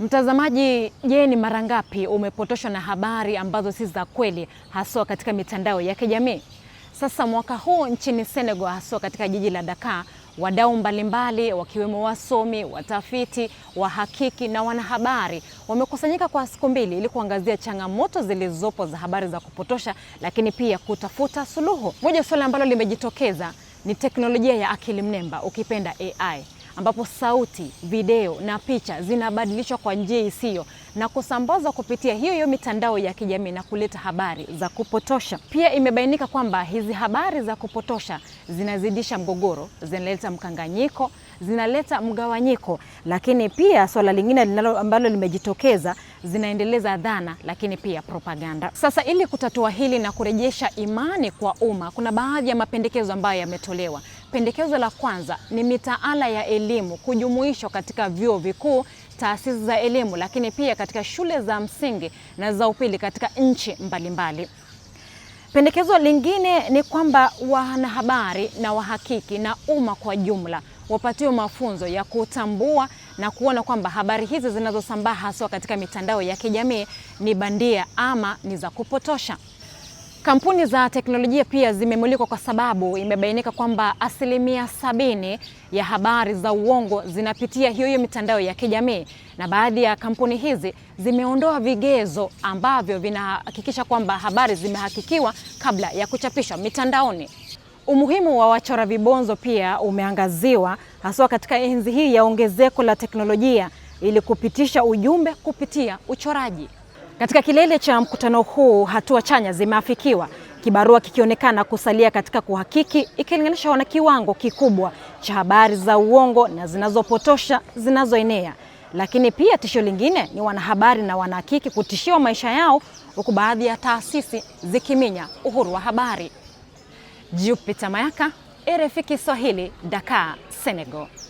Mtazamaji, je, ni mara ngapi umepotoshwa na habari ambazo si za kweli haswa katika mitandao ya kijamii? Sasa mwaka huu nchini Senegal, haswa katika jiji la Dakar, wadau mbalimbali wakiwemo wasomi, watafiti, wahakiki na wanahabari wamekusanyika kwa siku mbili ili kuangazia changamoto zilizopo za habari za kupotosha, lakini pia kutafuta suluhu. Moja suala ambalo limejitokeza ni teknolojia ya akili mnemba, ukipenda AI ambapo sauti, video na picha zinabadilishwa kwa njia isiyo na kusambazwa kupitia hiyo hiyo mitandao ya kijamii na kuleta habari za kupotosha. Pia imebainika kwamba hizi habari za kupotosha zinazidisha mgogoro, zinaleta mkanganyiko, zinaleta mgawanyiko. Lakini pia swala lingine ambalo limejitokeza, zinaendeleza dhana, lakini pia propaganda. Sasa ili kutatua hili na kurejesha imani kwa umma, kuna baadhi ya mapendekezo ambayo yametolewa. Pendekezo la kwanza ni mitaala ya elimu kujumuishwa katika vyuo vikuu, taasisi za elimu, lakini pia katika shule za msingi na za upili katika nchi mbalimbali. Pendekezo lingine ni kwamba wanahabari na wahakiki na umma kwa jumla wapatiwe mafunzo ya kutambua na kuona kwamba habari hizi zinazosambaa haswa katika mitandao ya kijamii ni bandia ama ni za kupotosha. Kampuni za teknolojia pia zimemulikwa kwa sababu imebainika kwamba asilimia sabini ya habari za uongo zinapitia hiyo hiyo mitandao ya kijamii, na baadhi ya kampuni hizi zimeondoa vigezo ambavyo vinahakikisha kwamba habari zimehakikiwa kabla ya kuchapishwa mitandaoni. Umuhimu wa wachora vibonzo pia umeangaziwa haswa katika enzi hii ya ongezeko la teknolojia ili kupitisha ujumbe kupitia uchoraji. Katika kilele cha mkutano huu, hatua chanya zimeafikiwa, kibarua kikionekana kusalia katika kuhakiki ikilinganishwa na kiwango kikubwa cha habari za uongo na zinazopotosha zinazoenea. Lakini pia tisho lingine ni wanahabari na wanahakiki kutishiwa maisha yao, huku baadhi ya taasisi zikiminya uhuru wa habari. Jupiter Mayaka, RFI Kiswahili, Dakar, Senegal.